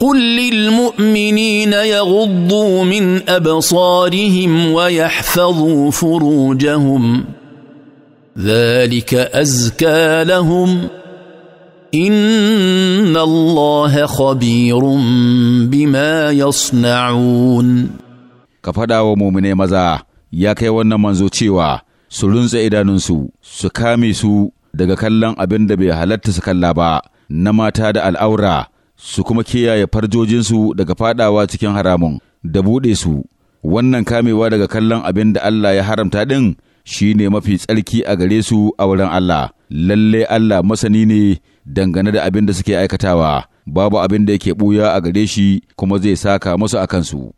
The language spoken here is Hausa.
قل للمؤمنين يغضوا من ابصارهم ويحفظوا فروجهم ذلك ازكى لهم ان الله خبير بما يصنعون ka faɗa wa maza ya kai wannan manzo cewa su runtse idanunsu su kame su daga kallon abin da bai halatta su kalla ba na mata da al'aura su kuma kiyaye farjojinsu daga fadawa cikin haramun da buɗe su wannan kamewa daga kallon abin da Allah ya haramta ɗin shi ne mafi tsarki a gare su a wurin Allah lalle Allah masani ne dangane da abin da suke aikatawa babu abin da yake ɓuya a gare shi kuma zai saka masu a kansu.